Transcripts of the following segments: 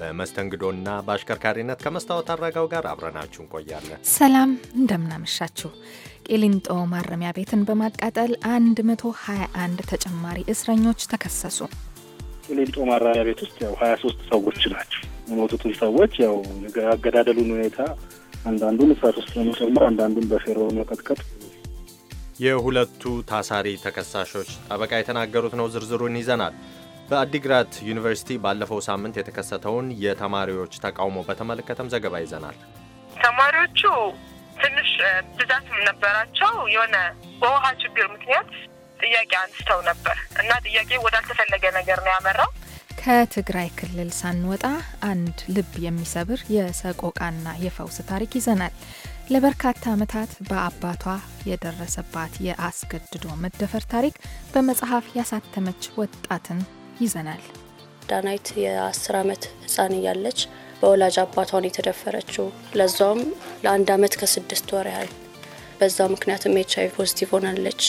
በመስተንግዶና በአሽከርካሪነት ከመስታወት አረጋው ጋር አብረናችሁ እንቆያለን። ሰላም እንደምናመሻችሁ። ቂሊንጦ ማረሚያ ቤትን በማቃጠል 121 ተጨማሪ እስረኞች ተከሰሱ። ቂሊንጦ ማረሚያ ቤት ውስጥ ያው 23 ሰዎች ናቸው የሞቱትን ሰዎች ያው አገዳደሉን ሁኔታ አንዳንዱን እሳት ውስጥ ለመጨመር አንዳንዱን በፌሮ መቀጥቀጥ የሁለቱ ታሳሪ ተከሳሾች ጠበቃ የተናገሩት ነው። ዝርዝሩን ይዘናል። በአዲግራት ዩኒቨርሲቲ ባለፈው ሳምንት የተከሰተውን የተማሪዎች ተቃውሞ በተመለከተም ዘገባ ይዘናል። ተማሪዎቹ ትንሽ ብዛትም ነበራቸው። የሆነ በውሃ ችግር ምክንያት ጥያቄ አንስተው ነበር እና ጥያቄ ወዳልተፈለገ ነገር ነው ያመራው። ከትግራይ ክልል ሳንወጣ አንድ ልብ የሚሰብር የሰቆቃና የፈውስ ታሪክ ይዘናል። ለበርካታ ዓመታት በአባቷ የደረሰባት የአስገድዶ መደፈር ታሪክ በመጽሐፍ ያሳተመች ወጣትን ይዘናል። ዳናይት የአስር ዓመት ህፃን እያለች በወላጅ አባቷን የተደፈረችው ለዛውም ለአንድ ዓመት ከስድስት ወር ያህል በዛ ምክንያትም ኤች አይቪ ፖዚቲቭ ሆናለች።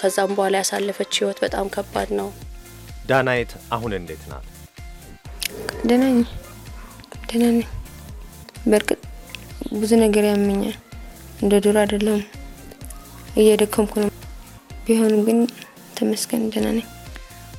ከዛም በኋላ ያሳለፈች ህይወት በጣም ከባድ ነው። ዳናይት አሁን እንዴት ናት? ደህና ነኝ፣ ደህና ነኝ። በእርግጥ ብዙ ነገር ያመኛል። እንደ ዱሮ አይደለም፣ እየደከምኩ ነው። ቢሆንም ግን ተመስገን ደህና ነኝ።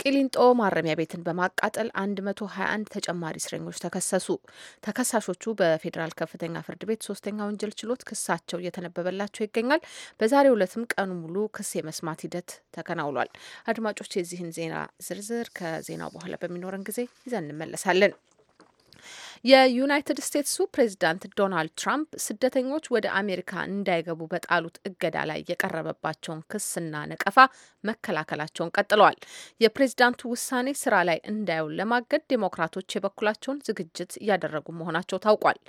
ቂሊንጦ ማረሚያ ቤትን በማቃጠል 121 ተጨማሪ እስረኞች ተከሰሱ። ተከሳሾቹ በፌዴራል ከፍተኛ ፍርድ ቤት ሶስተኛ ወንጀል ችሎት ክሳቸው እየተነበበላቸው ይገኛል። በዛሬው ዕለትም ቀኑ ሙሉ ክስ የመስማት ሂደት ተከናውሏል። አድማጮች የዚህን ዜና ዝርዝር ከዜናው በኋላ በሚኖረን ጊዜ ይዘን እንመለሳለን። የዩናይትድ ስቴትሱ ፕሬዚዳንት ዶናልድ ትራምፕ ስደተኞች ወደ አሜሪካ እንዳይገቡ በጣሉት እገዳ ላይ የቀረበባቸውን ክስና ነቀፋ መከላከላቸውን ቀጥለዋል። የፕሬዚዳንቱ ውሳኔ ስራ ላይ እንዳይውል ለማገድ ዴሞክራቶች የበኩላቸውን ዝግጅት እያደረጉ መሆናቸው ታውቋል።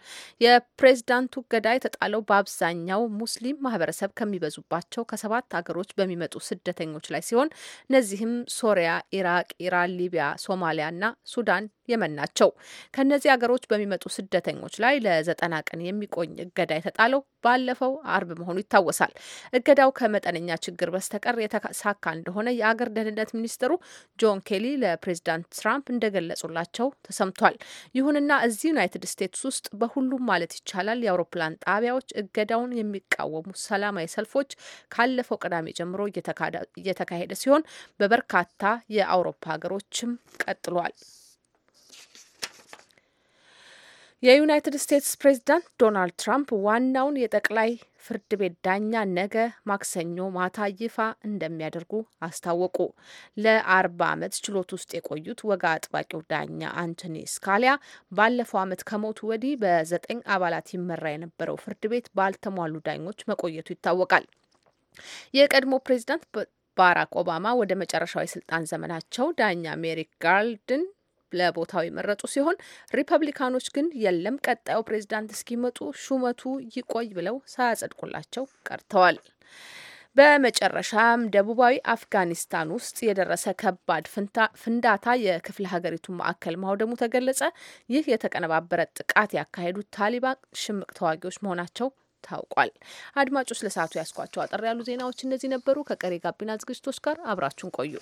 የፕሬዚዳንቱ እገዳ የተጣለው በአብዛኛው ሙስሊም ማህበረሰብ ከሚበዙባቸው ከሰባት ሀገሮች በሚመጡ ስደተኞች ላይ ሲሆን እነዚህም ሶሪያ፣ ኢራቅ፣ ኢራን፣ ሊቢያ፣ ሶማሊያ እና ሱዳን፣ የመን ናቸው። ከነዚህ ከእነዚህ ሀገሮች በሚመጡ ስደተኞች ላይ ለዘጠና ቀን የሚቆይ እገዳ የተጣለው ባለፈው አርብ መሆኑ ይታወሳል። እገዳው ከመጠነኛ ችግር በስተቀር የተሳካ እንደሆነ የአገር ደህንነት ሚኒስትሩ ጆን ኬሊ ለፕሬዚዳንት ትራምፕ እንደገለጹላቸው ተሰምቷል። ይሁንና እዚህ ዩናይትድ ስቴትስ ውስጥ በሁሉም ማለት ይቻላል የአውሮፕላን ጣቢያዎች እገዳውን የሚቃወሙ ሰላማዊ ሰልፎች ካለፈው ቅዳሜ ጀምሮ እየተካሄደ ሲሆን በበርካታ የአውሮፓ ሀገሮችም ቀጥሏል። የዩናይትድ ስቴትስ ፕሬዚዳንት ዶናልድ ትራምፕ ዋናውን የጠቅላይ ፍርድ ቤት ዳኛ ነገ ማክሰኞ ማታ ይፋ እንደሚያደርጉ አስታወቁ። ለአርባ ዓመት ችሎት ውስጥ የቆዩት ወጋ አጥባቂው ዳኛ አንቶኒ ስካሊያ ባለፈው ዓመት ከሞቱ ወዲህ በዘጠኝ አባላት ይመራ የነበረው ፍርድ ቤት ባልተሟሉ ዳኞች መቆየቱ ይታወቃል። የቀድሞ ፕሬዚዳንት ባራክ ኦባማ ወደ መጨረሻዊ ስልጣን ዘመናቸው ዳኛ ሜሪክ ጋርልድን ለቦታው የመረጡ ሲሆን ሪፐብሊካኖች ግን የለም ቀጣዩ ፕሬዚዳንት እስኪመጡ ሹመቱ ይቆይ ብለው ሳያጸድቁላቸው ቀርተዋል። በመጨረሻም ደቡባዊ አፍጋኒስታን ውስጥ የደረሰ ከባድ ፍንዳታ የክፍለ ሀገሪቱን ማዕከል ማውደሙ ተገለጸ። ይህ የተቀነባበረ ጥቃት ያካሄዱት ታሊባን ሽምቅ ተዋጊዎች መሆናቸው ታውቋል። አድማጮች፣ ለሰዓቱ ያስኳቸው አጠር ያሉ ዜናዎች እነዚህ ነበሩ። ከቀሪ ጋቢና ዝግጅቶች ጋር አብራችሁን ቆዩ።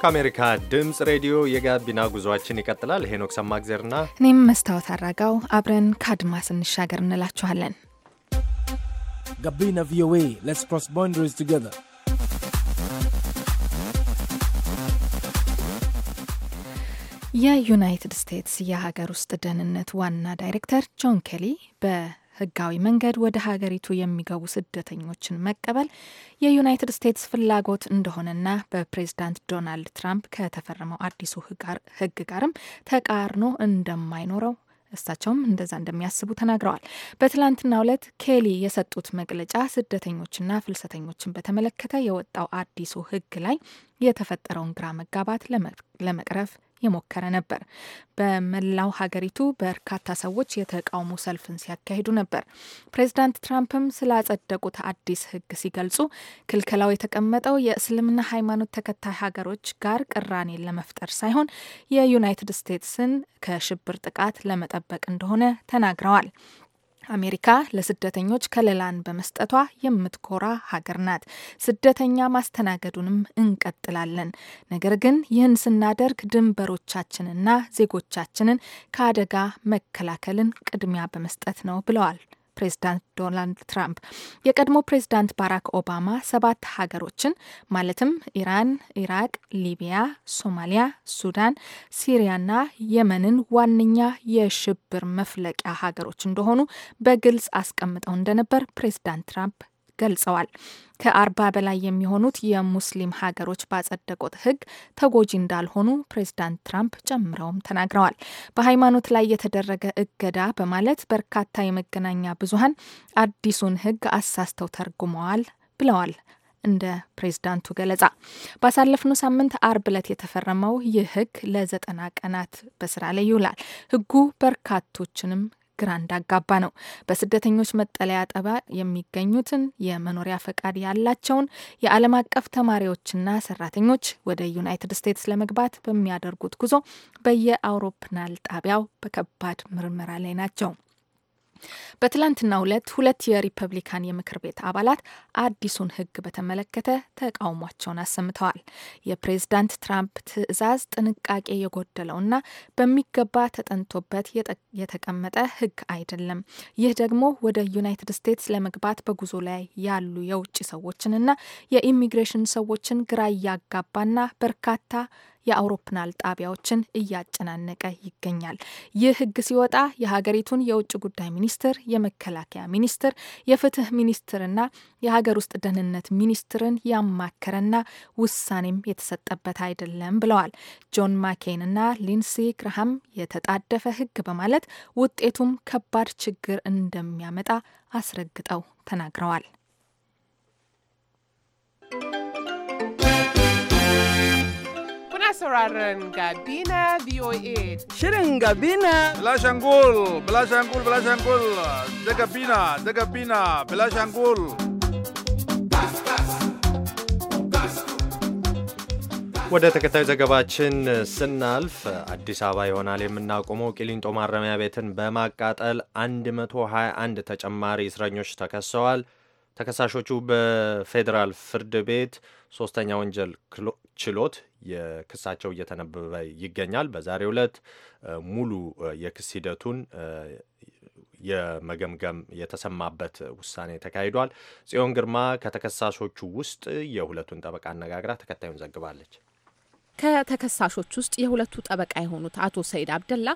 ከአሜሪካ ድምፅ ሬዲዮ የጋቢና ጉዟችን ይቀጥላል። ሄኖክ ሰማግዜርና እኔም መስታወት አራጋው አብረን ከአድማስ እንሻገር እንላችኋለን። ጋቢና ቪኦኤ ሌትስ ክሮስ ቦንደሪስ ቱጌዘር የዩናይትድ ስቴትስ የሀገር ውስጥ ደህንነት ዋና ዳይሬክተር ጆን ኬሊ በ ህጋዊ መንገድ ወደ ሀገሪቱ የሚገቡ ስደተኞችን መቀበል የዩናይትድ ስቴትስ ፍላጎት እንደሆነና በፕሬዝዳንት ዶናልድ ትራምፕ ከተፈረመው አዲሱ ህግ ጋርም ተቃርኖ እንደማይኖረው እሳቸውም እንደዛ እንደሚያስቡ ተናግረዋል። በትላንትና ዕለት ኬሊ የሰጡት መግለጫ ስደተኞችና ፍልሰተኞችን በተመለከተ የወጣው አዲሱ ህግ ላይ የተፈጠረውን ግራ መጋባት ለመቅረፍ የሞከረ ነበር። በመላው ሀገሪቱ በርካታ ሰዎች የተቃውሞ ሰልፍን ሲያካሂዱ ነበር። ፕሬዚዳንት ትራምፕም ስላጸደቁት አዲስ ሕግ ሲገልጹ ክልከላው የተቀመጠው የእስልምና ሃይማኖት ተከታይ ሀገሮች ጋር ቅራኔን ለመፍጠር ሳይሆን የዩናይትድ ስቴትስን ከሽብር ጥቃት ለመጠበቅ እንደሆነ ተናግረዋል። አሜሪካ ለስደተኞች ከለላን በመስጠቷ የምትኮራ ሀገር ናት። ስደተኛ ማስተናገዱንም እንቀጥላለን። ነገር ግን ይህን ስናደርግ ድንበሮቻችንና ዜጎቻችንን ከአደጋ መከላከልን ቅድሚያ በመስጠት ነው ብለዋል ፕሬዚዳንት ዶናልድ ትራምፕ የቀድሞ ፕሬዚዳንት ባራክ ኦባማ ሰባት ሀገሮችን ማለትም ኢራን፣ ኢራቅ፣ ሊቢያ፣ ሶማሊያ፣ ሱዳን፣ ሲሪያና የመንን ዋነኛ የሽብር መፍለቂያ ሀገሮች እንደሆኑ በግልጽ አስቀምጠው እንደነበር ፕሬዚዳንት ትራምፕ ገልጸዋል። ከአርባ በላይ የሚሆኑት የሙስሊም ሀገሮች ባጸደቁት ህግ ተጎጂ እንዳልሆኑ ፕሬዚዳንት ትራምፕ ጨምረውም ተናግረዋል። በሃይማኖት ላይ የተደረገ እገዳ በማለት በርካታ የመገናኛ ብዙሀን አዲሱን ህግ አሳስተው ተርጉመዋል ብለዋል። እንደ ፕሬዝዳንቱ ገለጻ ባሳለፍነው ሳምንት አርብ ዕለት የተፈረመው ይህ ህግ ለዘጠና ቀናት በስራ ላይ ይውላል። ህጉ በርካቶችንም ግራ እንዳጋባ ነው። በስደተኞች መጠለያ ጠባ የሚገኙትን የመኖሪያ ፈቃድ ያላቸውን የዓለም አቀፍ ተማሪዎችና ሰራተኞች ወደ ዩናይትድ ስቴትስ ለመግባት በሚያደርጉት ጉዞ በየአውሮፕላን ጣቢያው በከባድ ምርመራ ላይ ናቸው። በትላንትናው ዕለት ሁለት የሪፐብሊካን የምክር ቤት አባላት አዲሱን ህግ በተመለከተ ተቃውሟቸውን አሰምተዋል። የፕሬዝዳንት ትራምፕ ትዕዛዝ ጥንቃቄ የጎደለውና በሚገባ ተጠንቶበት የተቀመጠ ህግ አይደለም። ይህ ደግሞ ወደ ዩናይትድ ስቴትስ ለመግባት በጉዞ ላይ ያሉ የውጭ ሰዎችንና የኢሚግሬሽን ሰዎችን ግራ እያጋባና በርካታ የአውሮፕላን ጣቢያዎችን እያጨናነቀ ይገኛል። ይህ ህግ ሲወጣ የሀገሪቱን የውጭ ጉዳይ ሚኒስትር፣ የመከላከያ ሚኒስትር፣ የፍትህ ሚኒስትርና የሀገር ውስጥ ደህንነት ሚኒስትርን ያማከረና ውሳኔም የተሰጠበት አይደለም ብለዋል። ጆን ማኬን እና ሊንሲ ግርሃም የተጣደፈ ህግ በማለት ውጤቱም ከባድ ችግር እንደሚያመጣ አስረግጠው ተናግረዋል። sauraron Gabina VOA. Shirin Gabina. Belashangul, Belashangul, Belashangul. De Gabina, De Gabina, Belashangul. ወደ ተከታዩ ዘገባችን ስናልፍ አዲስ አበባ ይሆናል የምናቆመው ቂሊንጦ ማረሚያ ቤትን በማቃጠል 121 ተጨማሪ እስረኞች ተከሰዋል። ተከሳሾቹ በፌዴራል ፍርድ ቤት ሶስተኛ ወንጀል ችሎት የክሳቸው እየተነበበ ይገኛል። በዛሬው ዕለት ሙሉ የክስ ሂደቱን የመገምገም የተሰማበት ውሳኔ ተካሂዷል። ጽዮን ግርማ ከተከሳሾቹ ውስጥ የሁለቱን ጠበቃ አነጋግራ ተከታዩን ዘግባለች። ከተከሳሾች ውስጥ የሁለቱ ጠበቃ የሆኑት አቶ ሰይድ አብደላ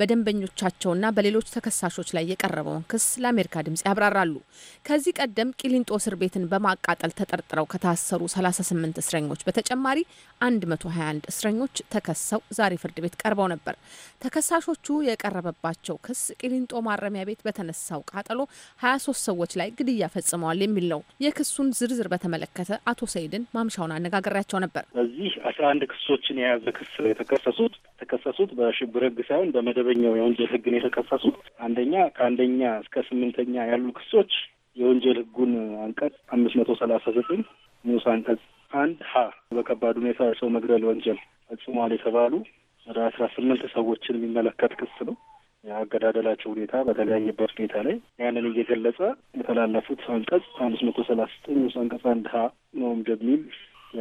በደንበኞቻቸውና በሌሎች ተከሳሾች ላይ የቀረበውን ክስ ለአሜሪካ ድምጽ ያብራራሉ። ከዚህ ቀደም ቂሊንጦ እስር ቤትን በማቃጠል ተጠርጥረው ከታሰሩ 38 እስረኞች በተጨማሪ 121 እስረኞች ተከሰው ዛሬ ፍርድ ቤት ቀርበው ነበር። ተከሳሾቹ የቀረበባቸው ክስ ቂሊንጦ ማረሚያ ቤት በተነሳው ቃጠሎ 23 ሰዎች ላይ ግድያ ፈጽመዋል የሚል ነው። የክሱን ዝርዝር በተመለከተ አቶ ሰይድን ማምሻውን አነጋግሬያቸው ነበር። 11 ክሱ ክሶችን የያዘ ክስ የተከሰሱት የተከሰሱት በሽብር ህግ ሳይሆን በመደበኛው የወንጀል ህግ ነው የተከሰሱት። አንደኛ ከአንደኛ እስከ ስምንተኛ ያሉ ክሶች የወንጀል ህጉን አንቀጽ አምስት መቶ ሰላሳ ዘጠኝ ንዑስ አንቀጽ አንድ ሀ በከባድ ሁኔታ ሰው መግደል ወንጀል ፈጽሟል የተባሉ ወደ አስራ ስምንት ሰዎችን የሚመለከት ክስ ነው። የአገዳደላቸው ሁኔታ በተለያየበት ሁኔታ ላይ ያንን እየገለጸ የተላለፉት አንቀጽ አምስት መቶ ሰላሳ ዘጠኝ ንዑስ አንቀጽ አንድ ሀ ነው እንደሚል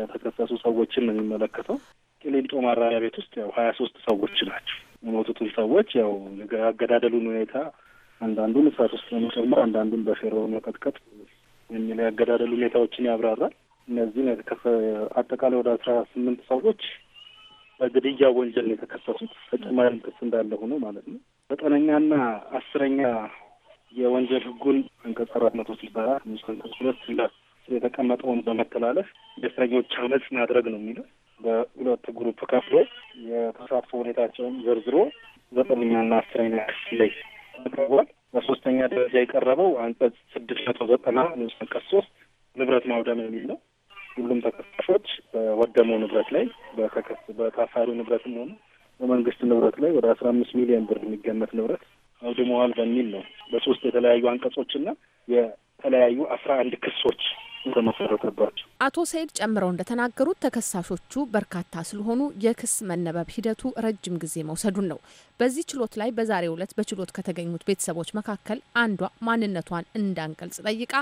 የተከሰሱ ሰዎችን ነው የሚመለከተው። ቂሊንጦ ማረሚያ ቤት ውስጥ ያው ሀያ ሶስት ሰዎች ናቸው የሞቱትን ሰዎች ያው ያገዳደሉን ሁኔታ አንዳንዱን እሳት ውስጥ በመጨመር አንዳንዱን በፌሮ መቀጥቀጥ የሚል ያገዳደሉ ሁኔታዎችን ያብራራል። እነዚህም አጠቃላይ ወደ አስራ ስምንት ሰዎች በግድያ ወንጀል ነው የተከሰሱት። ተጨማሪም ክስ እንዳለ ሆኖ ማለት ነው። ዘጠነኛና አስረኛ የወንጀል ህጉን አንቀጽ አራት መቶ ስልሳ አራት ንዑስ አንቀጽ ሁለት የተቀመጠውን በመተላለፍ የእስረኞች አመፅ ማድረግ ነው የሚለው በሁለት ግሩፕ ከፍሎ የተሳትፎ ሁኔታቸውን ዘርዝሮ ዘጠነኛና አስረኛ ክፍል ላይ አቅርቧል። በሶስተኛ ደረጃ የቀረበው አንቀጽ ስድስት መቶ ዘጠና ንዑስ አንቀጽ ሶስት ንብረት ማውደም የሚል ነው። ሁሉም ተከሳሾች በወደመው ንብረት ላይ በተከስ በታሳሪው ንብረትም ሆነ በመንግስት ንብረት ላይ ወደ አስራ አምስት ሚሊዮን ብር የሚገመት ንብረት አውድመዋል በሚል ነው በሶስት የተለያዩ አንቀጾችና የተለያዩ አስራ አንድ ክሶች Santa Nossa da Bate. አቶ ሰይድ ጨምረው እንደተናገሩት ተከሳሾቹ በርካታ ስለሆኑ የክስ መነበብ ሂደቱ ረጅም ጊዜ መውሰዱን ነው። በዚህ ችሎት ላይ በዛሬው ዕለት በችሎት ከተገኙት ቤተሰቦች መካከል አንዷ ማንነቷን እንዳንገልጽ ጠይቃ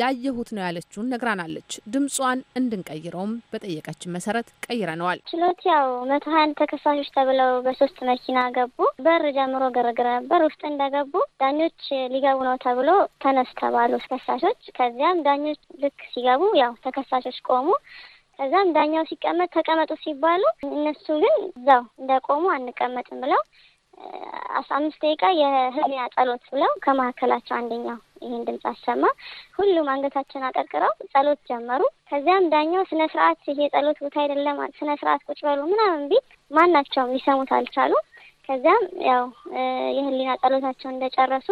ያየሁት ነው ያለችውን ነግራናለች። ድምጿን እንድንቀይረውም በጠየቀችን መሰረት ቀይረነዋል። ችሎት ያው መቶ ሀያ አንድ ተከሳሾች ተብለው በሶስት መኪና ገቡ። በር ጀምሮ ግርግር ነበር። ውስጥ እንደገቡ ዳኞች ሊገቡ ነው ተብሎ ተነስ ተባሉ ከሳሾች። ከዚያም ዳኞች ልክ ሲገቡ ያው ተከሳ ተከሳሾች ቆሙ። ከዛም ዳኛው ሲቀመጥ ተቀመጡ ሲባሉ እነሱ ግን እዛው እንደቆሙ አንቀመጥም ብለው አስራ አምስት ደቂቃ የህሊና ጸሎት ብለው ከመካከላቸው አንደኛው ይህን ድምፅ አሰማ። ሁሉም አንገታችን አቀርቅረው ጸሎት ጀመሩ። ከዚያም ዳኛው ስነ ስርዓት ይሄ ጸሎት ቦታ አይደለም፣ ስነ ስርዓት ቁጭ በሉ ምናምን ቢል ማናቸውም ሊሰሙት አልቻሉ። ከዚያም ያው የህሊና ጸሎታቸውን እንደጨረሱ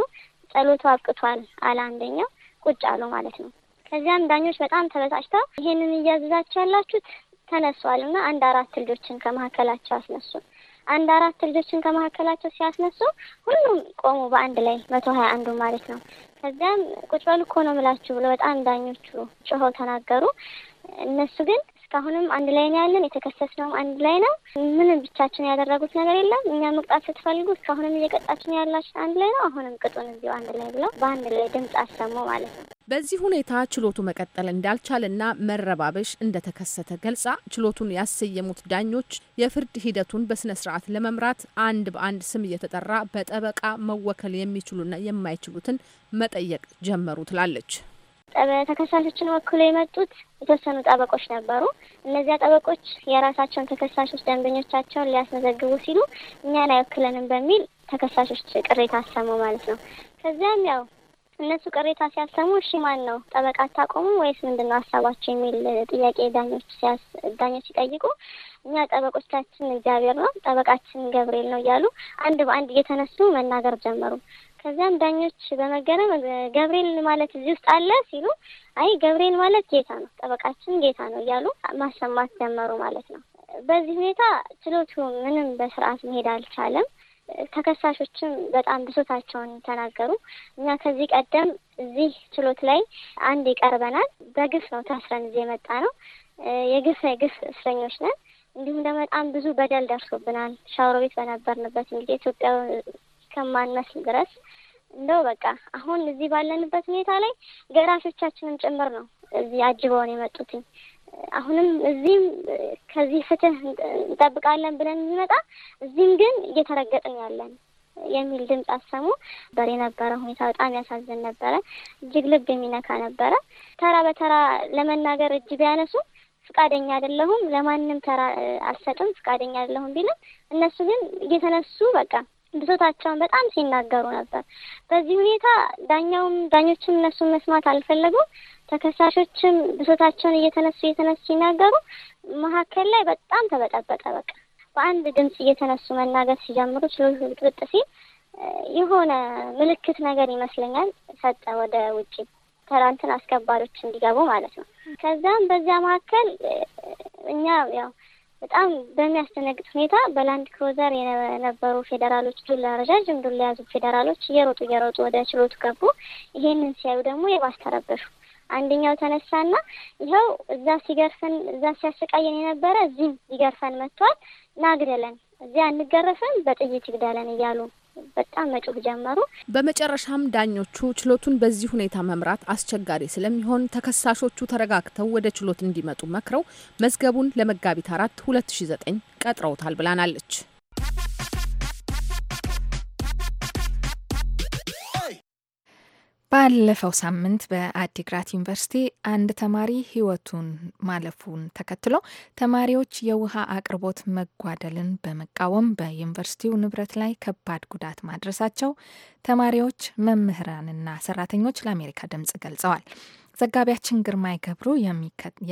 ጸሎቱ አብቅቷል አለ አንደኛው። ቁጭ አሉ ማለት ነው። ከዚያም ዳኞች በጣም ተበሳጭተው ይሄንን እያዘዛችሁ ያላችሁት ተነሷል እና አንድ አራት ልጆችን ከመካከላቸው አስነሱ። አንድ አራት ልጆችን ከመካከላቸው ሲያስነሱ ሁሉም ቆሙ፣ በአንድ ላይ መቶ ሀያ አንዱ ማለት ነው። ከዚያም ቁጭ በሉ እኮ ነው ምላችሁ ብሎ በጣም ዳኞቹ ጮኸው ተናገሩ። እነሱ ግን እስካሁንም አንድ ላይ ነው ያለን። የተከሰስነውም አንድ ላይ ነው። ምንም ብቻችን ያደረጉት ነገር የለም። እኛ መቅጣት ስትፈልጉ እስካሁንም እየቀጣችን ያላችን አንድ ላይ ነው። አሁንም ቅጡን እዚሁ አንድ ላይ ብለው በአንድ ላይ ድምጽ አሰሙ ማለት ነው። በዚህ ሁኔታ ችሎቱ መቀጠል እንዳልቻለና መረባበሽ እንደተከሰተ ገልጻ ችሎቱን ያሰየሙት ዳኞች የፍርድ ሂደቱን በስነ ስርዓት ለመምራት አንድ በአንድ ስም እየተጠራ በጠበቃ መወከል የሚችሉና የማይችሉትን መጠየቅ ጀመሩ ትላለች። ተከሳሾችን ወክሎ የመጡት የተወሰኑ ጠበቆች ነበሩ። እነዚያ ጠበቆች የራሳቸውን ተከሳሾች ደንበኞቻቸውን ሊያስመዘግቡ ሲሉ እኛን አይወክለንም በሚል ተከሳሾች ቅሬታ አሰሙ ማለት ነው። ከዚያም ያው እነሱ ቅሬታ ሲያሰሙ እሺ ማን ነው ጠበቃ አታቆሙ ወይስ ምንድን ነው ሀሳባቸው የሚል ጥያቄ ዳኞች ዳኞች ሲጠይቁ እኛ ጠበቆቻችን እግዚአብሔር ነው፣ ጠበቃችን ገብርኤል ነው እያሉ አንድ በአንድ እየተነሱ መናገር ጀመሩ። ከዚያም ዳኞች በመገረም ገብርኤል ማለት እዚህ ውስጥ አለ ሲሉ፣ አይ ገብርኤል ማለት ጌታ ነው፣ ጠበቃችን ጌታ ነው እያሉ ማሰማት ጀመሩ ማለት ነው። በዚህ ሁኔታ ችሎቱ ምንም በስርዓት መሄድ አልቻለም። ተከሳሾችም በጣም ብሶታቸውን ተናገሩ። እኛ ከዚህ ቀደም እዚህ ችሎት ላይ አንድ ይቀርበናል፣ በግፍ ነው ታስረን እዚህ የመጣ ነው፣ የግፍ የግፍ እስረኞች ነን። እንዲሁም ደግሞ በጣም ብዙ በደል ደርሶብናል። ሻወር ቤት በነበርንበት ጊዜ ኢትዮጵያ እስከማናስ ድረስ እንደው በቃ አሁን እዚህ ባለንበት ሁኔታ ላይ ገራሾቻችንም ጭምር ነው እዚህ አጅበውን የመጡትኝ። አሁንም እዚህም ከዚህ ፍትህ እንጠብቃለን ብለን የሚመጣ እዚህም ግን እየተረገጥን ያለን የሚል ድምፅ አሰሙ። በር የነበረ ሁኔታ በጣም ያሳዝን ነበረ። እጅግ ልብ የሚነካ ነበረ። ተራ በተራ ለመናገር እጅ ቢያነሱ ፍቃደኛ አይደለሁም፣ ለማንም ተራ አልሰጥም፣ ፍቃደኛ አይደለሁም ቢልም እነሱ ግን እየተነሱ በቃ ብሶታቸውን በጣም ሲናገሩ ነበር። በዚህ ሁኔታ ዳኛውም ዳኞችም እነሱን መስማት አልፈለጉም። ተከሳሾችም ብሶታቸውን እየተነሱ እየተነሱ ሲናገሩ መካከል ላይ በጣም ተበጠበጠ። በቃ በአንድ ድምፅ እየተነሱ መናገር ሲጀምሩ ችሎቱ ብጥብጥ ሲል የሆነ ምልክት ነገር ይመስለኛል ሰጠ ወደ ውጭ ተራንትን አስከባሪዎች እንዲገቡ ማለት ነው። ከዛም በዚያ መካከል እኛ ያው በጣም በሚያስደነግጥ ሁኔታ በላንድ ክሮዘር የነበሩ ፌዴራሎች ዱላ፣ ረዣዥም ዱላ የያዙ ፌዴራሎች እየሮጡ እየሮጡ ወደ ችሎቱ ገቡ። ይሄንን ሲያዩ ደግሞ የባስ ተረበሹ። አንደኛው ተነሳና ይኸው እዛ ሲገርፈን እዛ ሲያሰቃየን የነበረ እዚህም ይገርፈን መጥቷል፣ ናግደለን እዚያ አንገረፍም፣ በጥይት ይግደለን እያሉ በጣም መጮህ ጀመሩ። በመጨረሻም ዳኞቹ ችሎቱን በዚህ ሁኔታ መምራት አስቸጋሪ ስለሚሆን ተከሳሾቹ ተረጋግተው ወደ ችሎት እንዲመጡ መክረው መዝገቡን ለመጋቢት አራት ሁለት ሺ ዘጠኝ ቀጥረውታል ብላናለች። ባለፈው ሳምንት በአዲግራት ዩኒቨርሲቲ አንድ ተማሪ ሕይወቱን ማለፉን ተከትሎ ተማሪዎች የውሃ አቅርቦት መጓደልን በመቃወም በዩኒቨርሲቲው ንብረት ላይ ከባድ ጉዳት ማድረሳቸው ተማሪዎች፣ መምህራንና ሰራተኞች ለአሜሪካ ድምጽ ገልጸዋል። ዘጋቢያችን ግርማይ ገብሩ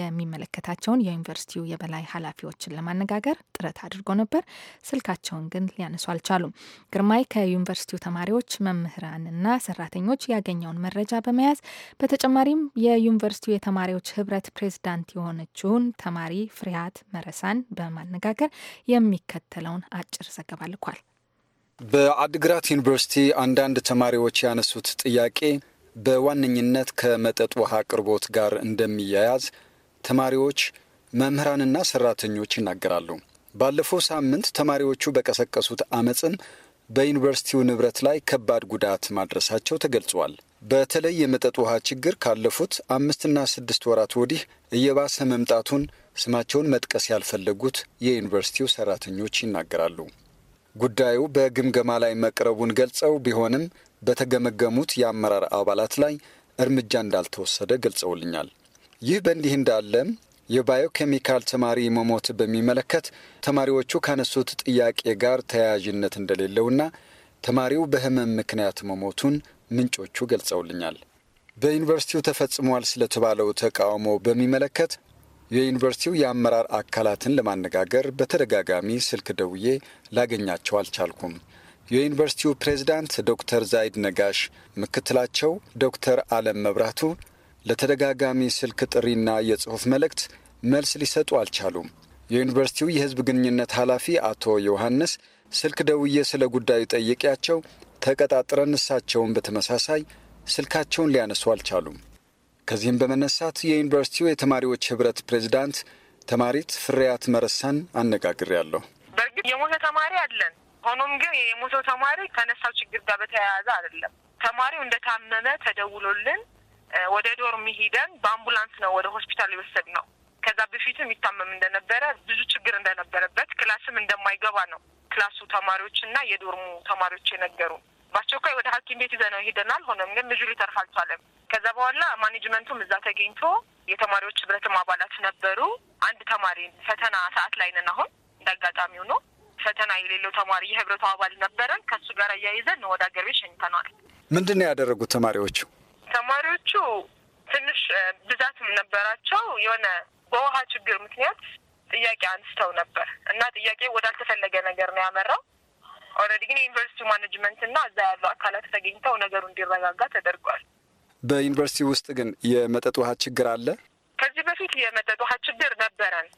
የሚመለከታቸውን የዩኒቨርሲቲው የበላይ ኃላፊዎችን ለማነጋገር ጥረት አድርጎ ነበር። ስልካቸውን ግን ሊያነሱ አልቻሉም። ግርማይ ከዩኒቨርሲቲው ተማሪዎች፣ መምህራንና ሰራተኞች ያገኘውን መረጃ በመያዝ በተጨማሪም የዩኒቨርሲቲው የተማሪዎች ህብረት ፕሬዝዳንት የሆነችውን ተማሪ ፍሬሀት መረሳን በማነጋገር የሚከተለውን አጭር ዘገባ ልኳል። በአድግራት ዩኒቨርሲቲ አንዳንድ ተማሪዎች ያነሱት ጥያቄ በዋነኝነት ከመጠጥ ውሃ አቅርቦት ጋር እንደሚያያዝ ተማሪዎች፣ መምህራንና ሰራተኞች ይናገራሉ። ባለፈው ሳምንት ተማሪዎቹ በቀሰቀሱት አመፅም በዩኒቨርሲቲው ንብረት ላይ ከባድ ጉዳት ማድረሳቸው ተገልጿል። በተለይ የመጠጥ ውሃ ችግር ካለፉት አምስትና ስድስት ወራት ወዲህ እየባሰ መምጣቱን ስማቸውን መጥቀስ ያልፈለጉት የዩኒቨርሲቲው ሰራተኞች ይናገራሉ። ጉዳዩ በግምገማ ላይ መቅረቡን ገልጸው ቢሆንም በተገመገሙት የአመራር አባላት ላይ እርምጃ እንዳልተወሰደ ገልጸውልኛል። ይህ በእንዲህ እንዳለም የባዮኬሚካል ተማሪ መሞት በሚመለከት ተማሪዎቹ ካነሱት ጥያቄ ጋር ተያያዥነት እንደሌለውና ተማሪው በሕመም ምክንያት መሞቱን ምንጮቹ ገልጸውልኛል። በዩኒቨርሲቲው ተፈጽሟል ስለተባለው ተቃውሞ በሚመለከት የዩኒቨርሲቲው የአመራር አካላትን ለማነጋገር በተደጋጋሚ ስልክ ደውዬ ላገኛቸው አልቻልኩም። የዩኒቨርሲቲው ፕሬዝዳንት ዶክተር ዛይድ ነጋሽ፣ ምክትላቸው ዶክተር አለም መብራቱ ለተደጋጋሚ ስልክ ጥሪና የጽሑፍ መልእክት መልስ ሊሰጡ አልቻሉም። የዩኒቨርሲቲው የሕዝብ ግንኙነት ኃላፊ አቶ ዮሐንስ ስልክ ደውዬ ስለ ጉዳዩ ጠየቂያቸው ተቀጣጥረን እሳቸውን በተመሳሳይ ስልካቸውን ሊያነሱ አልቻሉም። ከዚህም በመነሳት የዩኒቨርሲቲው የተማሪዎች ህብረት ፕሬዝዳንት ተማሪት ፍሬያት መረሳን አነጋግሬያለሁ። በእርግጥ የሞተ ተማሪ አለን ሆኖም ግን የሞተው ተማሪ ከነሳው ችግር ጋር በተያያዘ አይደለም። ተማሪው እንደታመመ ተደውሎልን ወደ ዶርም ሄደን በአምቡላንስ ነው ወደ ሆስፒታል የወሰድ ነው። ከዛ በፊትም ይታመም እንደነበረ ብዙ ችግር እንደነበረበት ክላስም እንደማይገባ ነው ክላሱ ተማሪዎችና የዶርሙ ተማሪዎች የነገሩ። በአስቸኳይ ወደ ሐኪም ቤት ይዘነው ሄደናል። ሆኖም ግን ልጁ ሊተርፍ አልቻለም። ከዛ በኋላ ማኔጅመንቱም እዛ ተገኝቶ የተማሪዎች ህብረትም አባላት ነበሩ። አንድ ተማሪ ፈተና ሰዓት ላይ ነን አሁን እንዳጋጣሚው ነው ፈተና የሌለው ተማሪ የህብረቱ አባል ነበረን። ከሱ ጋር እያይዘን ወደ ሀገር ቤት ሸኝተነዋል። ምንድን ነው ያደረጉት ተማሪዎቹ? ተማሪዎቹ ትንሽ ብዛትም ነበራቸው። የሆነ በውሃ ችግር ምክንያት ጥያቄ አንስተው ነበር እና ጥያቄ ወዳልተፈለገ ነገር ነው ያመራው። ኦልሬዲ ግን የዩኒቨርሲቲ ማኔጅመንት እና እዛ ያሉ አካላት ተገኝተው ነገሩ እንዲረጋጋ ተደርጓል። በዩኒቨርሲቲ ውስጥ ግን የመጠጥ ውሃ ችግር አለ። ከዚህ በፊት የመጠጥ ውሃ ችግር ነበረን።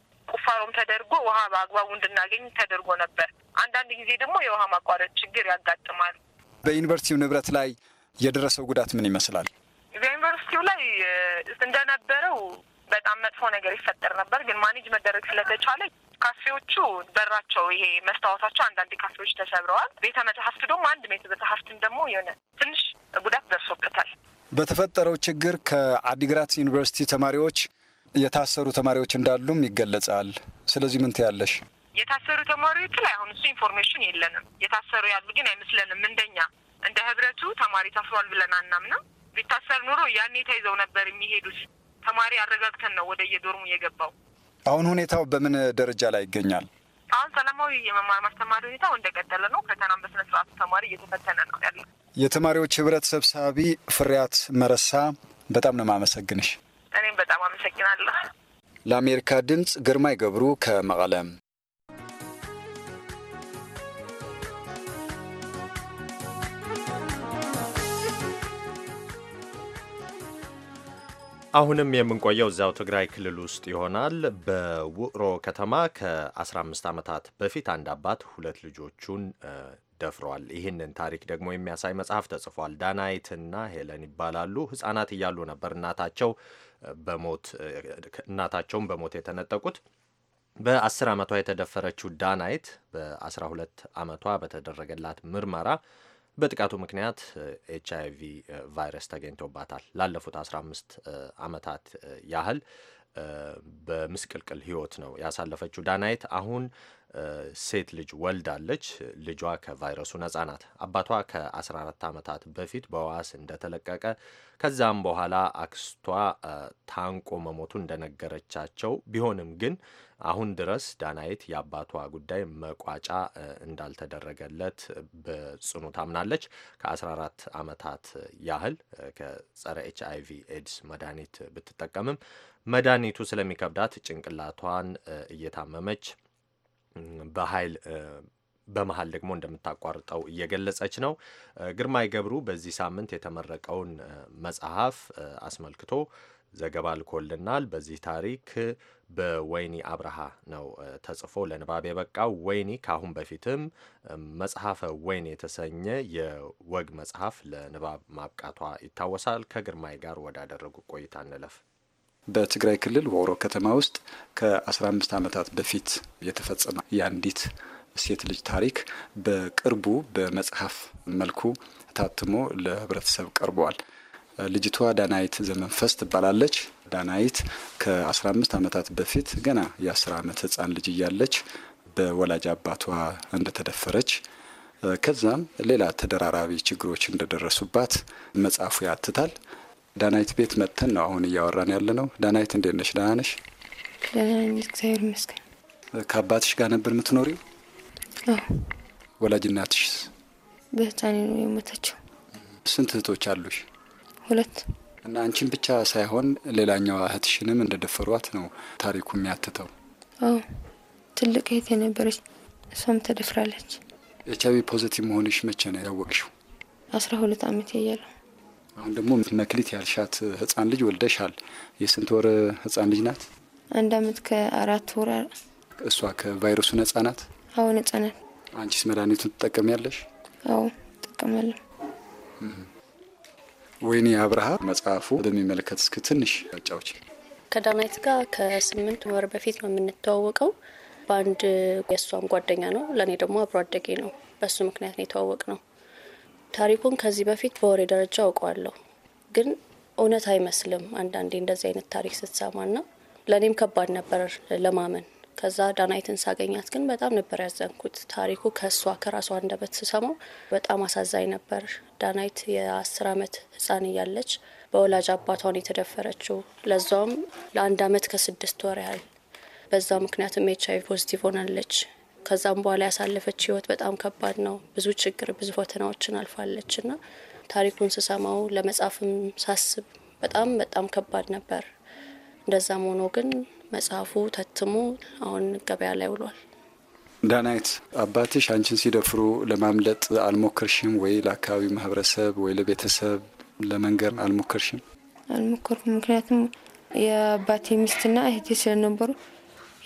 ቁፋሮም ተደርጎ ውሃ በአግባቡ እንድናገኝ ተደርጎ ነበር። አንዳንድ ጊዜ ደግሞ የውሃ ማቋረጥ ችግር ያጋጥማል። በዩኒቨርሲቲው ንብረት ላይ የደረሰው ጉዳት ምን ይመስላል? በዩኒቨርሲቲው ላይ እንደነበረው በጣም መጥፎ ነገር ይፈጠር ነበር፣ ግን ማኔጅ መደረግ ስለተቻለ ካፌዎቹ በራቸው ይሄ መስታወታቸው አንዳንድ ካፌዎች ተሰብረዋል። ቤተ መጽሐፍት ደግሞ አንድ ቤተ መጽሐፍትን ደግሞ የሆነ ትንሽ ጉዳት ደርሶበታል። በተፈጠረው ችግር ከአዲግራት ዩኒቨርሲቲ ተማሪዎች የታሰሩ ተማሪዎች እንዳሉም ይገለጻል። ስለዚህ ምን ትያለሽ? የታሰሩ ተማሪዎች ላይ አሁን እሱ ኢንፎርሜሽን የለንም። የታሰሩ ያሉ ግን አይመስለንም። እንደኛ እንደ ህብረቱ ተማሪ ታስሯል ብለን አናምንም። ቢታሰር ኑሮ ያኔ ተይዘው ነበር የሚሄዱት። ተማሪ አረጋግተን ነው ወደ የዶርሙ የገባው። አሁን ሁኔታው በምን ደረጃ ላይ ይገኛል? አሁን ሰላማዊ የመማር ማስተማሪ ሁኔታው እንደቀጠለ ነው። ፈተናም በስነ ስርዓቱ ተማሪ እየተፈተነ ነው ያለ። የተማሪዎች ህብረት ሰብሳቢ ፍሬያት መረሳ፣ በጣም ነው የማመሰግንሽ። ለአሜሪካ ድምፅ ግርማይ ገብሩ ከመቐለ። አሁንም የምንቆየው እዚያው ትግራይ ክልል ውስጥ ይሆናል። በውቅሮ ከተማ ከ15 ዓመታት በፊት አንድ አባት ሁለት ልጆቹን ደፍረዋል። ይህንን ታሪክ ደግሞ የሚያሳይ መጽሐፍ ተጽፏል። ዳናይትና ሄለን ይባላሉ። ሕጻናት እያሉ ነበር እናታቸው በሞት እናታቸውን በሞት የተነጠቁት። በ10 ዓመቷ የተደፈረችው ዳናይት በ12 ዓመቷ በተደረገላት ምርመራ በጥቃቱ ምክንያት ኤች አይ ቫይረስ ተገኝቶባታል። ላለፉት 15 ዓመታት ያህል በምስቅልቅል ህይወት ነው ያሳለፈችው። ዳናይት አሁን ሴት ልጅ ወልዳለች። ልጇ ከቫይረሱ ነጻ ናት። አባቷ ከ14 ዓመታት በፊት በዋስ እንደተለቀቀ ከዛም በኋላ አክስቷ ታንቆ መሞቱ እንደነገረቻቸው ቢሆንም ግን አሁን ድረስ ዳናይት የአባቷ ጉዳይ መቋጫ እንዳልተደረገለት በጽኑ ታምናለች። ከ14 ዓመታት ያህል ከጸረ ኤች አይ ቪ ኤድስ መድኃኒት ብትጠቀምም መድኃኒቱ ስለሚከብዳት ጭንቅላቷን እየታመመች በኃይል በመሀል ደግሞ እንደምታቋርጠው እየገለጸች ነው። ግርማይ ገብሩ በዚህ ሳምንት የተመረቀውን መጽሐፍ አስመልክቶ ዘገባ ልኮልናል። በዚህ ታሪክ በወይኒ አብርሃ ነው ተጽፎ ለንባብ የበቃው። ወይኒ ከአሁን በፊትም መጽሐፈ ወይኒ የተሰኘ የወግ መጽሐፍ ለንባብ ማብቃቷ ይታወሳል። ከግርማይ ጋር ወዳደረጉ ቆይታ እንለፍ። በትግራይ ክልል ወሮ ከተማ ውስጥ ከ15 ዓመታት በፊት የተፈጸመ የአንዲት ሴት ልጅ ታሪክ በቅርቡ በመጽሐፍ መልኩ ታትሞ ለህብረተሰብ ቀርበዋል። ልጅቷ ዳናይት ዘመንፈስ ትባላለች። ዳናይት ከ15 ዓመታት በፊት ገና የ10 ዓመት ህፃን ልጅ እያለች በወላጅ አባቷ እንደተደፈረች ከዛም ሌላ ተደራራቢ ችግሮች እንደደረሱባት መጽሐፉ ያትታል። ዳናይት ቤት መጥተን ነው አሁን እያወራን ያለ ነው። ዳናይት እንዴት ነሽ? ደህና ነሽ? ደህና ነኝ እግዚአብሔር ይመስገን። ከአባትሽ ጋር ነበር የምትኖሪው? ወላጅ እናትሽ በህፃኔ ነው የሞተችው። ስንት እህቶች አሉሽ? ሁለት እና አንቺን ብቻ ሳይሆን ሌላኛዋ እህትሽንም እንደደፈሯት ነው ታሪኩ የሚያትተው። አዎ ትልቅ እህት የነበረች እሷም ተደፍራለች። ኤች አይቪ ፖዘቲቭ መሆንሽ መቼ ነው ያወቅሽው? አስራ ሁለት አመት ያያለሁ አሁን ደግሞ መክሊት ያልሻት ህጻን ልጅ ወልደሻል። የስንት ወር ህጻን ልጅ ናት? አንድ አመት ከአራት ወር። እሷ ከቫይረሱ ነጻ ናት? አዎ ነጻ ናት። አንቺስ መድኃኒቱን ትጠቀሚያለሽ? አዎ ትጠቀማለሁ። ወይኔ አብርሃ መጽሐፉ በሚመለከት እስክ ትንሽ ጫዎች ከዳናይት ጋር ከስምንት ወር በፊት ነው የምንተዋወቀው። በአንድ የእሷም ጓደኛ ነው፣ ለእኔ ደግሞ አብሮ አደጌ ነው። በእሱ ምክንያት ነው የተዋወቅ ነው ታሪኩን ከዚህ በፊት በወሬ ደረጃ አውቀዋለሁ፣ ግን እውነት አይመስልም አንዳንዴ እንደዚህ አይነት ታሪክ ስትሰማና ለእኔም ከባድ ነበር ለማመን። ከዛ ዳናይትን ሳገኛት ግን በጣም ነበር ያዘንኩት። ታሪኩ ከእሷ ከራሷ አንደበት ስሰማው በጣም አሳዛኝ ነበር። ዳናይት የአስር ዓመት ህፃን እያለች በወላጅ አባቷን የተደፈረችው ለዛውም ለአንድ ዓመት ከስድስት ወር ያህል በዛ ምክንያትም ኤች አይቪ ፖዚቲቭ ሆናለች። ከዛም በኋላ ያሳለፈች ህይወት በጣም ከባድ ነው። ብዙ ችግር፣ ብዙ ፈተናዎችን አልፋለች እና ታሪኩን ስሰማው ለመጻፍም ሳስብ በጣም በጣም ከባድ ነበር። እንደዛም ሆኖ ግን መጽሐፉ ተትሞ አሁን ገበያ ላይ ውሏል። ዳናይት፣ አባትሽ አንቺን ሲደፍሩ ለማምለጥ አልሞከርሽም ወይ? ለአካባቢው ማህበረሰብ ወይ ለቤተሰብ ለመንገር አልሞከርሽም? አልሞከርኩም። ምክንያቱም የአባቴ ሚስትና እህቴ ስለነበሩ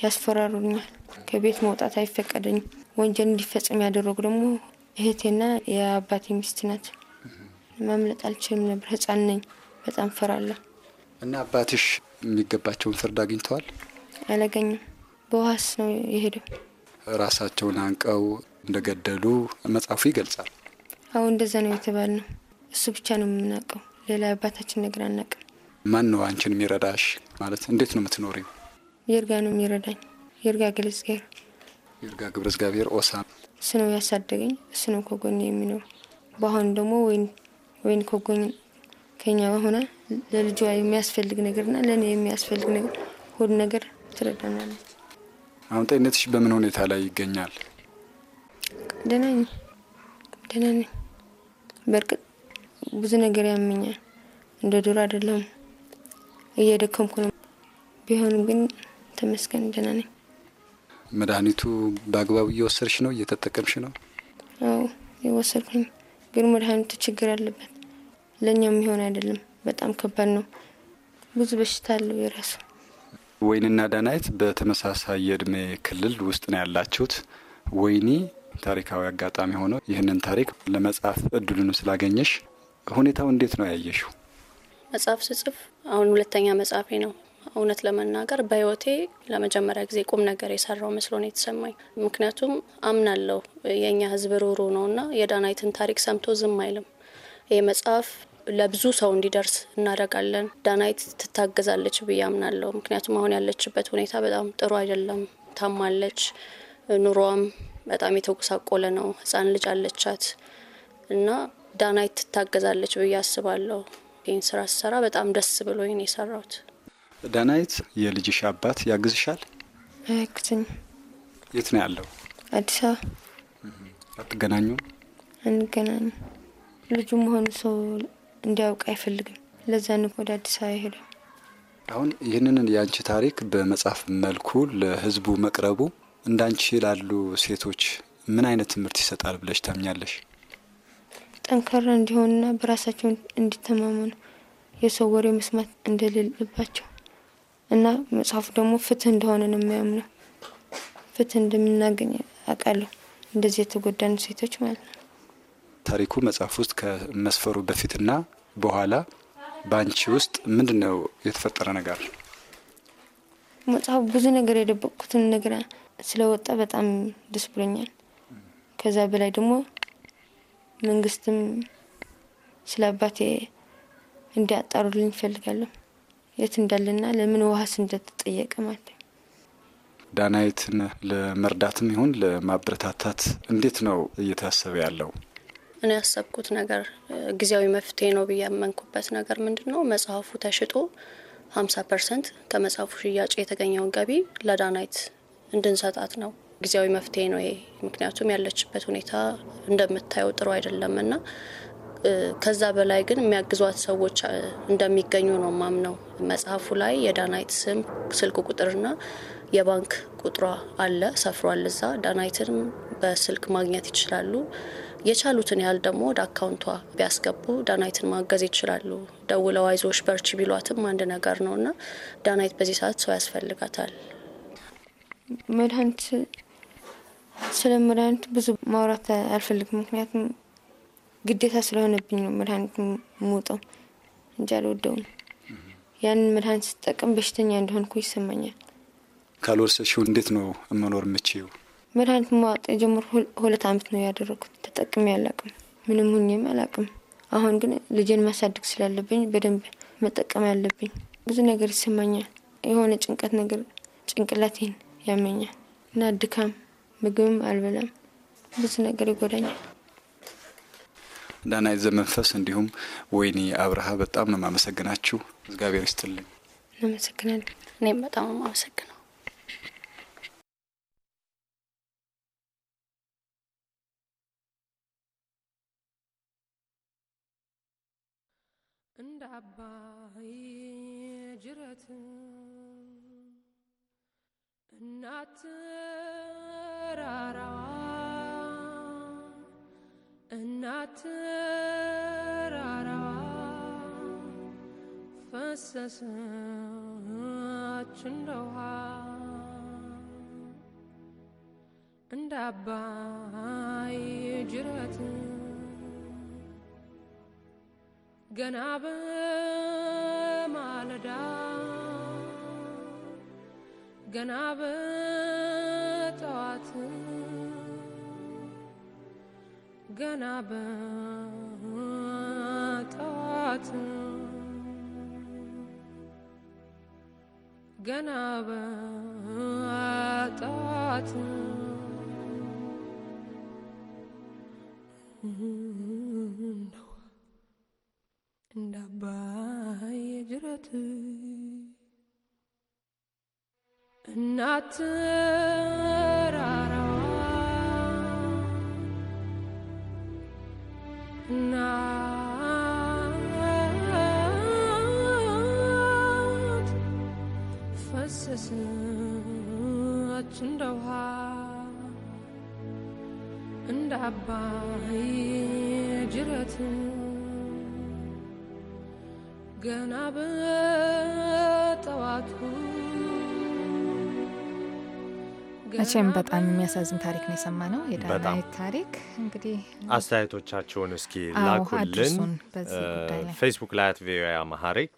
ያስፈራሩኛል። ከቤት መውጣት አይፈቀደኝም። ወንጀል እንዲፈጸም ያደረጉ ደግሞ እህቴና የአባቴ ሚስት ናት። መምለጥ አልችልም ነበር። ህጻን ነኝ፣ በጣም ፈራለሁ። እና አባትሽ የሚገባቸውን ፍርድ አግኝተዋል? አላገኝም። በውሃስ ነው የሄደው። ራሳቸውን አንቀው እንደገደሉ መጽሐፉ ይገልጻል። አሁ እንደዛ ነው የተባል ነው። እሱ ብቻ ነው የምናውቀው፣ ሌላ አባታችን ነገር አናውቅም። ማን ነው አንቺን የሚረዳሽ? ማለት እንዴት ነው የምትኖሪው? የእርጋ ነው የሚረዳኝ ይርጋ ግልጽጌር ይርጋ ግብረ እግዚአብሔር ኦሳ እሱ ነው ያሳደገኝ። እሱ ነው ከጎን የሚኖር በአሁኑ ደግሞ ወይን ከጎኝ ከኛ በሆነ ለልጇ የሚያስፈልግ ነገርና ለእኔ የሚያስፈልግ ነገር ሁሉ ነገር ትረዳናለች። አሁን ጤንነትሽ በምን ሁኔታ ላይ ይገኛል? ደህና ነኝ፣ ደህና ነኝ። በእርግጥ ብዙ ነገር ያመኛል። እንደ ዱር አይደለም፣ እየደከምኩ ነው። ቢሆን ግን ተመስገን ደህና ነኝ። መድኃኒቱ በአግባቡ እየወሰድሽ ነው? እየተጠቀምሽ ነው? አዎ እየወሰድኩኝ፣ ግን መድኃኒቱ ችግር አለበት። ለእኛ የሚሆን አይደለም። በጣም ከባድ ነው። ብዙ በሽታ አለው የራሱ። ወይንና ዳናይት በተመሳሳይ የእድሜ ክልል ውስጥ ነው ያላችሁት። ወይኒ ታሪካዊ አጋጣሚ ሆኖ ይህንን ታሪክ ለመጻፍ እድሉን ስላገኘሽ ሁኔታው እንዴት ነው ያየሽው? መጽሐፍ ስጽፍ አሁን ሁለተኛ መጽሐፌ ነው። እውነት ለመናገር በህይወቴ ለመጀመሪያ ጊዜ ቁም ነገር የሰራው መስሎ ነው የተሰማኝ። ምክንያቱም አምናለው የእኛ ህዝብ ሩሩ ነው እና የዳናይትን ታሪክ ሰምቶ ዝም አይልም። ይህ መጽሐፍ ለብዙ ሰው እንዲደርስ እናደርጋለን። ዳናይት ትታገዛለች ብዬ አምናለሁ። ምክንያቱም አሁን ያለችበት ሁኔታ በጣም ጥሩ አይደለም። ታማለች። ኑሯም በጣም የተጎሳቆለ ነው። ህፃን ልጅ አለቻት እና ዳናይት ትታገዛለች ብዬ አስባለሁ። ይህን ስራ ስሰራ በጣም ደስ ብሎኝ ነው የሰራሁት። ዳናይት፣ የልጅሽ አባት ያግዝሻል? አያግዝኝ። የት ነው ያለው? አዲስ አበባ። አትገናኙ? አንገናኝ። ልጁ መሆኑ ሰው እንዲያውቅ አይፈልግም። ለዛ ንግ ወደ አዲስ አበባ ይሄዳል። አሁን ይህንን የአንቺ ታሪክ በመጽሐፍ መልኩ ለህዝቡ መቅረቡ እንዳንቺ ላሉ ሴቶች ምን አይነት ትምህርት ይሰጣል ብለሽ ታምኛለሽ? ጠንካራ እንዲሆኑና በራሳቸው እንዲተማመኑ የሰው ወሬ መስማት እንደሌለባቸው እና መጽሐፉ ደግሞ ፍትህ እንደሆነ ነው የሚያምነው። ፍትህ እንደምናገኝ አውቃለሁ፣ እንደዚህ የተጎዳኑ ሴቶች ማለት ነው። ታሪኩ መጽሐፍ ውስጥ ከመስፈሩ በፊትና በኋላ በአንቺ ውስጥ ምንድን ነው የተፈጠረ ነገር? መጽሐፉ ብዙ ነገር የደበቅኩትን ነገር ስለወጣ በጣም ደስ ብሎኛል። ከዛ በላይ ደግሞ መንግስትም ስለ አባቴ እንዲያጣሩልኝ እፈልጋለሁ። የት እንዳለና ለምን ውሀስ እንደተጠየቀ ማለት ዳናይትን ለመርዳትም ይሁን ለማበረታታት እንዴት ነው እየታሰበ ያለው? እኔ ያሰብኩት ነገር ጊዜያዊ መፍትሄ ነው ብዬ ያመንኩበት ነገር ምንድን ነው፣ መጽሐፉ ተሽጦ ሀምሳ ፐርሰንት ከመጽሐፉ ሽያጭ የተገኘውን ገቢ ለዳናይት እንድንሰጣት ነው። ጊዜያዊ መፍትሄ ነው ይሄ። ምክንያቱም ያለችበት ሁኔታ እንደምታየው ጥሩ አይደለም እና ከዛ በላይ ግን የሚያግዟት ሰዎች እንደሚገኙ ነው ማምነው። መጽሐፉ ላይ የዳናይት ስም፣ ስልክ ቁጥርና የባንክ ቁጥሯ አለ ሰፍሯል። እዛ ዳናይትን በስልክ ማግኘት ይችላሉ። የቻሉትን ያህል ደግሞ ወደ አካውንቷ ቢያስገቡ ዳናይትን ማገዝ ይችላሉ። ደውለው አይዞሽ በርቺ ቢሏትም አንድ ነገር ነው እና ዳናይት በዚህ ሰዓት ሰው ያስፈልጋታል። መድኃኒት ስለ መድኃኒት ብዙ ማውራት አልፈልግም ምክንያቱም ግዴታ ስለሆነብኝ ነው መድኃኒት ሞጠው እንጂ አልወደውም። ያንን መድኃኒት ስጠቀም በሽተኛ እንደሆንኩ ይሰማኛል። ካልወሰድሽው እንዴት ነው መኖር የምችይው? መድኃኒት መዋጥ የጀመርኩ ሁለት አመት ነው ያደረኩት። ተጠቅሜ አላቅም፣ ምንም ሁኜም አላቅም። አሁን ግን ልጄን ማሳደግ ስላለብኝ በደንብ መጠቀም አለብኝ። ብዙ ነገር ይሰማኛል። የሆነ ጭንቀት ነገር ጭንቅላቴን ያመኛል እና ድካም፣ ምግብም አልበላም፣ ብዙ ነገር ይጎዳኛል። ዳናይት ዘመንፈስ እንዲሁም ወይኒ አብርሃ በጣም ነው ማመሰግናችሁ። እግዚአብሔር ይስጥልኝ። እናመሰግናለን። እኔም በጣም አመሰግናለሁ። እንደ አባይ ጅረት እናት ራራዋ እናት ተራራ ፈሰሰች እንደ ውሃ እንደ አባይ ጅረት ገና በማለዳ ገና በጠዋት ገና በጣት ገና በጣት እንደ አባይ ጅረት እናት ራራ ናት ፈሰሰች እንደ ውሃ እንደ አባይ ጅረት ገና በጠዋቱ መቼም በጣም የሚያሳዝን ታሪክ ነው የሰማነው። የዳናዊት ታሪክ እንግዲህ አስተያየቶቻቸውን እስኪ ላኩልን። ፌስቡክ ላይ አት ቪኦኤ አማሃሪክ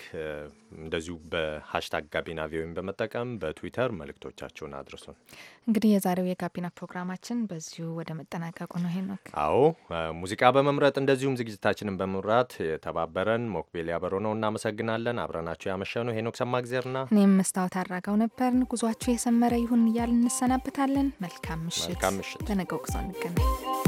እንደዚሁ በሀሽታግ ጋቢና ቪኦኤን በመጠቀም በትዊተር መልእክቶቻችሁን አድርሱን። እንግዲህ የዛሬው የጋቢና ፕሮግራማችን በዚሁ ወደ መጠናቀቁ ነው። ሄኖክ፣ አዎ ሙዚቃ በመምረጥ እንደዚሁም ዝግጅታችንን በመምራት የተባበረን ሞክቤል ያበሮ ነው። እናመሰግናለን። አብረናቸው ያመሸኑ ሄኖክ ሰማእግዜርና እኔም መስታወት አድራጋው ነበር። ጉዟችሁ የሰመረ ይሁን እያል እንሰናበታለን። መልካም ምሽት። መልካም ምሽት። በነገው ጉዞ እንገናኝ።